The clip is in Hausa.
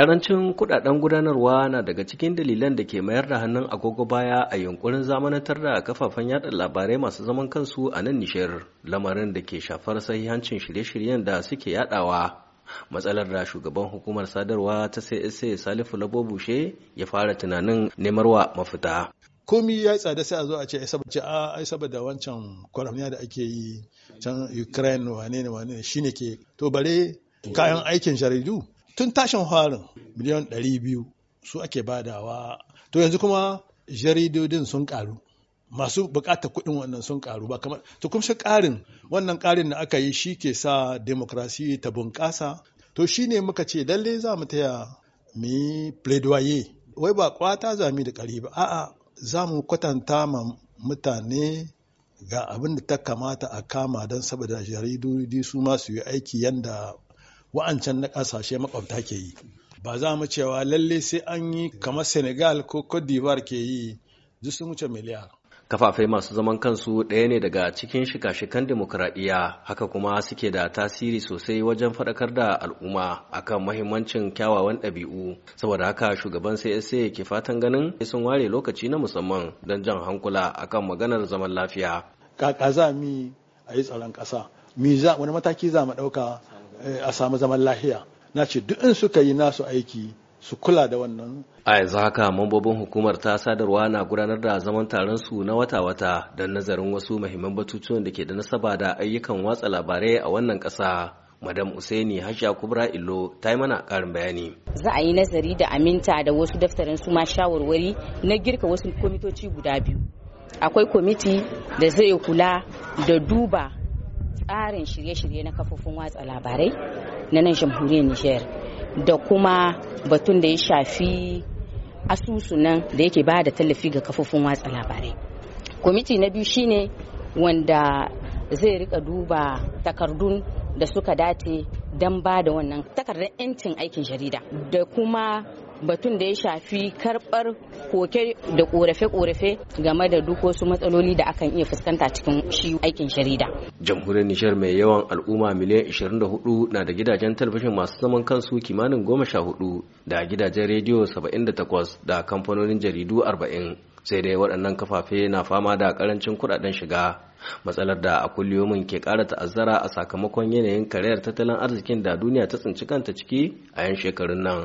Karancin kudaden gudanarwa na daga cikin dalilan da ke mayar da hannun agogo baya a yunkurin zamanantar da kafafen yada labarai masu zaman kansu a nan nishir lamarin da ke shafar sahihancin shirye-shiryen da suke yadawa. Matsalar da shugaban hukumar sadarwa ta CSA Salifu Labobushe ya fara tunanin nemarwa mafita. komi ya tsada sai a zo a ce ai saboda ah, wancan kwaramiya da ake yi can Ukraine wane ne wane ne shine ke to bare kayan aikin jaridu tun tashin harin miliyan 200 su ake badawa to yanzu kuma jaridodin sun karu masu bukatar kuɗin wannan sun karu ba kamar to kuma shi ƙarin wannan karin da aka yi shi ke sa demokrasi ta bunƙasa to shi ne muka ce lalle za mu taya mi plaidoyer wai ba kwata za mu da kari ba a'a za mu kwatanta ma mutane ga abin da ta kamata a kama don saboda jaridodi su ma yi aiki yanda wa'ancan na kasashe makwabta ke yi ba za mu cewa lalle sai an yi kamar senegal ko cote d'ivoire ke yi duk sun wuce miliyar kafafai masu zaman kansu ɗaya ne daga cikin shika-shikan demokuraɗiyya haka kuma suke da tasiri sosai wajen faɗakar da al'umma akan mahimmancin kyawawan ɗabi'u saboda haka shugaban csa ke fatan ganin sun ware lokaci na musamman don jan hankula akan maganar zaman lafiya kaka za mi a yi tsaron ƙasa mi wani mataki za mu ɗauka Eh, a samu zaman lahiya na ce duk in suka yi nasu aiki su kula da wannan a yanzu haka mambobin hukumar ta sadarwa na gudanar da zaman taron su na wata-wata don nazarin wasu mahimman batutuwan da ke da nasaba da ayyukan watsa labarai a wannan ƙasa madam usaini hasha kubra illo ta yi mana karin bayani za a yi nazari da aminta da wasu daftarin su ma shawarwari na girka wasu kwamitoci guda biyu akwai kwamiti da zai kula da duba tsarin shirye-shirye na kafofin watsa labarai na nan jamhuriyar Nijar da kuma batun da ya shafi asusunan da yake ba da tallafi ga kafofin watsa labarai. Kwamiti na biyu shine wanda zai rika duba takardun da suka dace don ba da wannan takardar 'yancin aikin jarida da kuma batun da ya shafi karbar koke da korafe-korafe game da duk wasu matsaloli da akan iya fuskanta cikin shi aikin jarida. Jamhuriyar Nijar mai yawan al'umma miliyan 24 na da gidajen talabijin masu zaman kansu kimanin goma sha 14 da gidajen rediyo 78 da kamfanonin jaridu 40. sai dai waɗannan kafafe na fama da karancin kuɗaɗen shiga matsalar da a kulliyomin ke ƙara ta'azzara a sakamakon yanayin karayar tattalin arzikin da duniya ta tsinci kanta ciki a 'yan shekarun nan